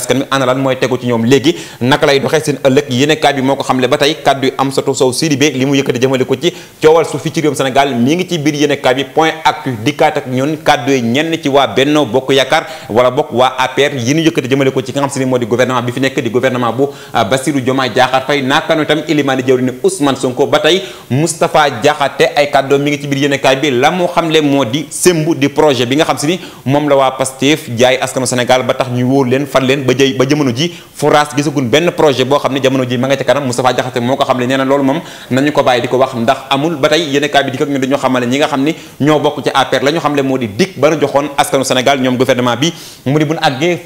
askan mi ana lan mooy tegu ci ñoom léegi naka lay doxee seen ëllëg yéenekaay bi moo ko xamle ba tey kàddu yu Amsatou Sow Sidibé li mu yëkkati jëmale ko ci coowal suuf fi ci réewum Sénégal mi ngi ci biir yéenekaay bi point actu dikkaat ak ñun euh, naka noonu itam ilimaani jawri ni Ousmane Sonko ba tey Moustapha Diakhaté ay kàddoo mi ngi ci biir yéenekaay bi la mu xamle moo di sémbu di projet bi nga xam se ni moom la waa Pastef jaay askanu Sénégal ba ba jëy ba jamono ji forage gisagun benn projet boo xam ne jamono ji ma nga ca kanam Moustapha Diakhaté moo ko xam ne nee na loolu moom nañu ko bàyyi di ko wax ndax amul ba tey yéen bi di dikk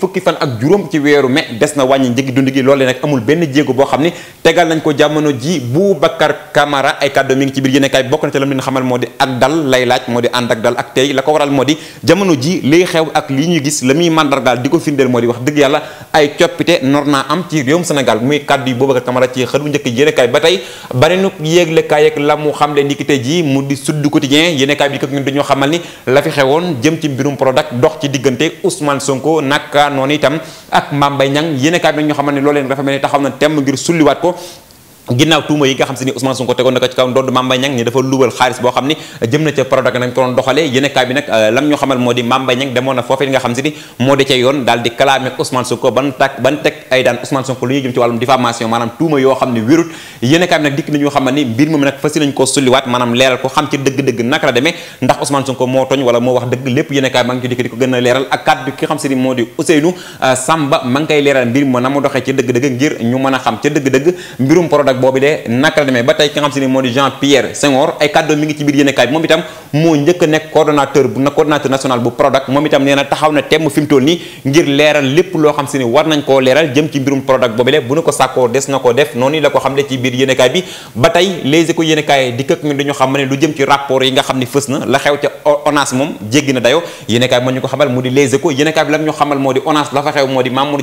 joxoon ak juróom ci weeru mai des na wàññi njëgi dund gi loolu nag amul benn jéego boo xam ne tegal nañ ko jamono ji Boubacar Camara ay kàddu ci biir yéen bokk na ci lam leen xamal moo di ak dal lay laaj moo di ànd ak dal ak tey la ko waral moo di jamono ji wax dëgg yàlla ay coppite nor naa am ci réewum Sénégal muy kàddu yi Boubacar Camara ci xët bu njëkk yéenekaay ba tey bari nu yéeglekaay ak la mu xamle ni ki tey jii mu di Sud Quotidien yéenekaay bi di ko ñun dañoo xamal ni la fi xewoon jëm ci mbirum Prodac dox ci diggante usman Sonko naka noonu itam ak Mame Mbaye Niang yéenekaay bi dañoo xamal ne looleen dafa mel ni taxaw na temm ngir sulliwaat ko ginnaaw tuuma yi nga xam si ni Ousmane Sonko tegoon na ci kaw ndodd Mame Mbaye Niang ni dafa luubal xaalis boo xam ni eh, jëm na ca Prodac nag eh, moo di Mame Mbaye Niang demoon leeral mbir ma na mu doxee ci dëgg-dëgg ngir ñu mën a xam ca dëgg-dëgg mbirum Prodac Kaolack naka la demee ba tey ki xam si ne moo di Jean Pierre Senghor ay kàddu mi ngi ci biir yéenekaay bi moom itam moo njëkk nekk coordonnateur bu na ko sàkkoo des na ko def noonu la ko xam ne ci biir yéenekaay bi ba tey les éco yéenekaay di ñu dañu xam ne lu jëm ci rapport yi nga xam ne fës na la xew ca ONAS moom jéggi na dayo yéenekaay bi moo ñu ko xamal mu di les éco yéenekaay bi lam ñu xamal moo di ONAS la fa xew moo di Mamour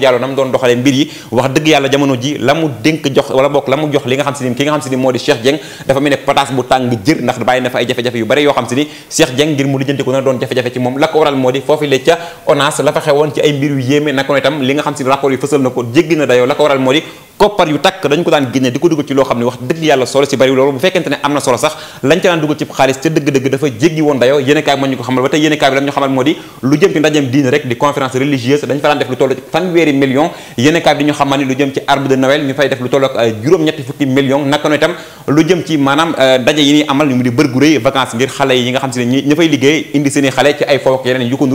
mu dénk jox li nga xam si ni ki nga xam si ni moo di Cheikh Dieng dafa mel ne pataas bu tàng jër ndax bàyyi na fa ay jafe-jafe yu bari yoo xam si ni Cheikh Dieng ngir mu lijjanti ko na doon jafe-jafe ci moom la ko waral moo di foofu la ca la fa xewoon ci ay mbir yu yéeme naka tam li nga xam si ni rapport yi fësal na ko jéggi na dayoo la ko waral moo di koppar yu takk dañ ko daan génne di ko dugal ci loo xam ne wax dëgg yàlla solo si bari loolu bu fekkente ne am na solo sax lañ ca daan dugal ci xaalis ca dëgg-dëgg dafa jéggi woon dayoo yéene kaay moo ñu ko xamal ba tey bi euh, maanaam euh, yi ñuy amal mu di bërgu rëy vacances ngir xale ña fay liggéey ko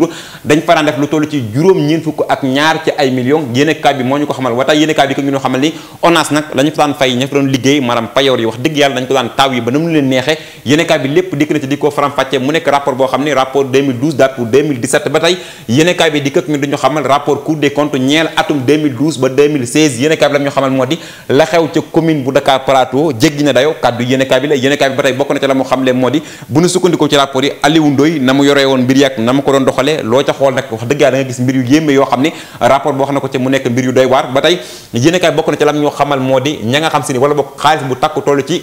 ñu ko xamal ni ONAS nag la fa daan fay ña fa doon liggéey maanaam payoor yi wax dëgg yàlla dañ ko daan taw yi ba na mu leen neexee yéenekaay bi lépp dikk na ci di ko faram-fàccee mu nekk rapport boo xam ne rapport ci mu nekk mbir yu doy waar ba tey yéenekaay bokk na ca lam ñu xamal moo di ña nga xam si ni wala boog xaalis bu takk toll ci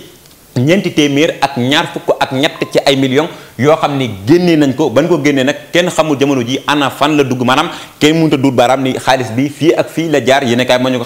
ñeenti téeméer ak ñaar fukk ak ñett ci ay millions yoo xam ni génnee nañ ko ban ko génnee nag kenn xamul jamono ji ana fan la dugg maanaam kenn mënut duut baaraam ni xaalis bi fii ak fii la jaar yeneen yu bi di ñu ko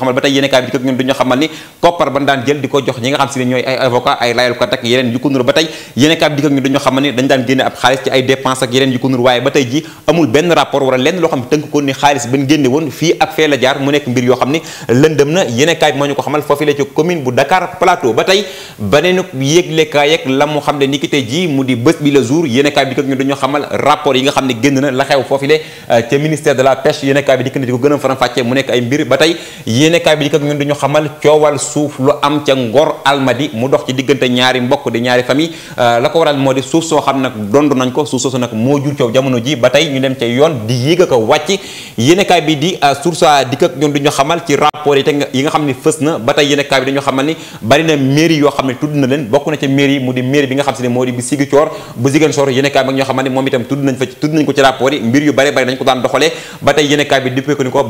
xamal foofu la ci commune bu Dakar Plateau ba tey beneen yéeglekaay ak la mu xam ne ni ki tey ji mu di bés bi la jour jour yéenekaay bi euh, dikk ñu di ko gën a faram-fàccee mu nekk ay mbir dañu euh, euh, xamal ci a ko rapport yi nga xam ne fës na ba tey yéenekaay bi dañu xamal ni bari mairie yoo xam ne tudd na leen bokk na ca mairie mu di mairie bi nga xam si ne moo di bi Ziguinchor bu Ziguinchor yéenekaay bi ba tey yéenekaay bi dippee ko ni ko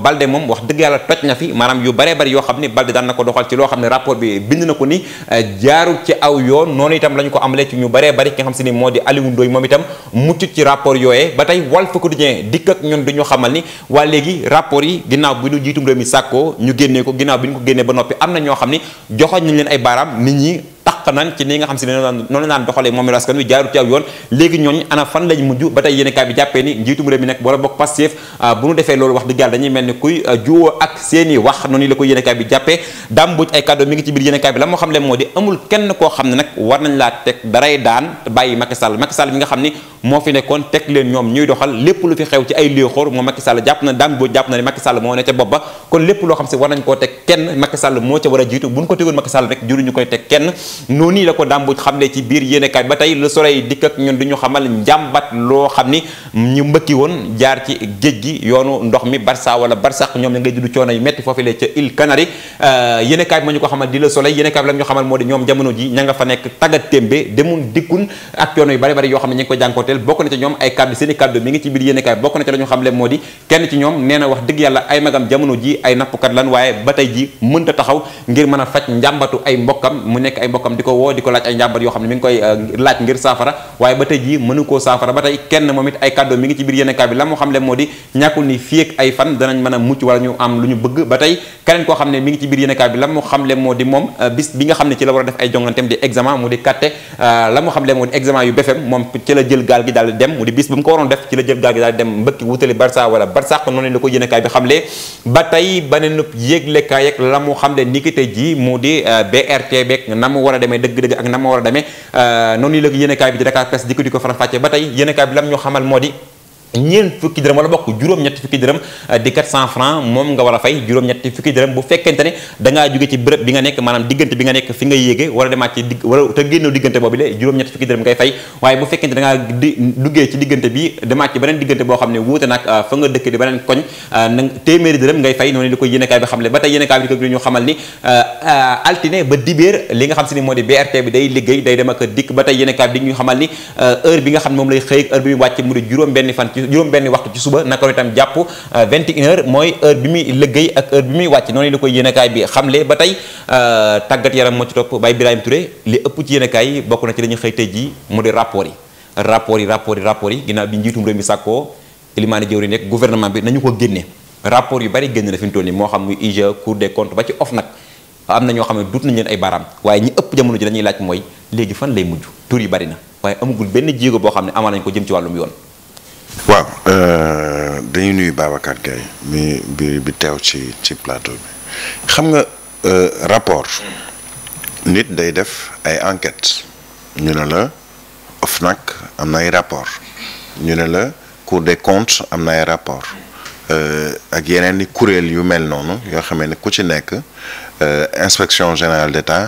ñu xamal ni waa léegi rapport yi ginnaaw bi ñu jiitum réew mi sàkkoo ñu génnee ko ginnaaw bi ñu ko génnee ba noppi am na ñoo xam ni joxoñ leen ay baaraam nit ñi dàq nañ ci ni nga xam si ne noonu naan doxalee moom askan wi jaaru ci aw yoon léegi ñooñu ana fan lañ mujj ba tey yéen bi jàppee ni njiitum réew mi nekk wala bokk Pastef ah, bu ñu defee loolu wax dëgg dañuy mel ni kuy ah, juwoo ak seeni wax noonu la ko yéen kaay bi jàppee daam buj ay kàddu mi ngi ci biir yéen kaay bi la moo xam le moo di amul kenn koo xam ne nag war nañ laa teg daray daan bàyyi Macky Sall Macky Sall mi nga xam ni moo fi nekkoon teg leen ñoom ñuy doxal lépp lu fi xew ci ay lieu xor moom Macky Sall jàpp na daam boo jàpp na ne Macky Sall moo ne ca bopp ba kon lépp loo xam si war nañ ko teg kenn Macky Sall moo ca a jiitu ko tegoon Macky Sall rek juruñu koy teg kenn noonu la ko daam bu xam ne ci biir yéenekaay ba tey le soleil dikk ak xamal njàmbat loo xam ni ñu mbëkki woon jaar ci géej gi yoonu ndox mi Barça wala Barsax ñoom ña ngay juddu coono yu metti foofu le ca île Canari euh, yéenekaay bi ma ñu ko xamal di le ñoom jamono ji ña nga fa nekk taggat témbe demul dikkun ak coono yu bari bari yoo xam ne ñi ngi ko jànkoo wooteel bokk na ci ñoom ay kàddu seen i kàddu mi ngi ci biir yéenekaay bokk na ci la ko woo di ko laaj ay njàmbat yoo xam ne mi ngi koy euh, laaj ngir saafara waaye ba tey koo saafara ba tey kenn moom it ay moo di ñàkkul ni fii ay fan danañ mën a mucc wala ñu am lu ñu bëgg ba tey keneen koo xam ne mi ngi ci biir yéenekaay bi la moo xamle moo di moom euh, bis bi nga xam ne ci la war a def ay jonganteem di examen mu di katte euh, la moo xamle moo di examen yu BFEM moom ci la jël gaal gi daal di dem mu di bis bu mu ko waroon def ci la jël gaal gi daal di dem mbëkki wutali Barça wala Barça ko noonu la ko yéenekaay bi xamle ba tey beneen yëglekaay ak la mu xamle ni ki mu di euh, BRT beeg na mu war a demee dëgg-dëgg ak na mu war a demee euh, noonu la ko yéenekaay bi di Dakar Presse di ko fàccee ba tey yéenekaay bi lam ñu xamal moo di ñeent fukki dërëm wala bokk juróom-ñetti fukki dërëm euh, di 400 francs moom nga war a fay juróom-ñetti fukki dërëm bu fekkente ne da ngaa jóge ci bërëb bi nga nekk maanaam diggante bi nga nekk fi nga yéege war a demaat ci digg wala te génnoo diggante boobu le juróom-ñetti fukki dërëm ngay fay waaye bu boo xam ne wuute nag euh, fa nga dëkk di beneen koñ euh, na téeméeri dërëm ngay fay noonu li koy yénekaay bi xam ne ba tey yénekaay bi di ko ñu xamal ni altine ba xam si ni moo di BRT bi day liggéey day dem ak dikk ba tey yénekaay bi di ñu heure bi nga xam ne moom lay xëy heure bi mu wàcc mu di juróom benn fan ci juróom-benn waxtu ci suba naka noonu itam jàpp 21 euh, heures mooy heure bi muy liggéey ak heure bi muy wàcc noonu la koy yéenekaay bi xamle ba tey euh, tàggat yaram moo ci topp Baye Birahim Touré li ëpp ci yéenekaay yi bokk na ci la ñuy xëy tey mu di rapport yi rapport yi rapport yi rapport yi ginnaaw bi njiitum réew mi bi nañu ko génne rapport yu bari génn na fi mu moo xam muy IGE Cour des comptes ba ci OFNAC am na ñoo xam ne dut nañ leen ay baaraam waaye ñi ëpp jamono ji dañuy laaj mooy léegi fan lay mujj tur yi bari na waaye amagul benn jéego boo xam ne amaa nañ ko jëm ci wàllum yoon waaw euh, dañuy nuyu Babacar Gaye mi bi bi teew ci ci plateau bi xam nga euh, rapport nit day def ay enquêtes ñu ne la nag am na ay rapport ñu ne la Cour de compte am na ay rapport euh, ak yeneen i kuréel yu mel noonu yoo xamee ne ku ci nekk inspection générale d'État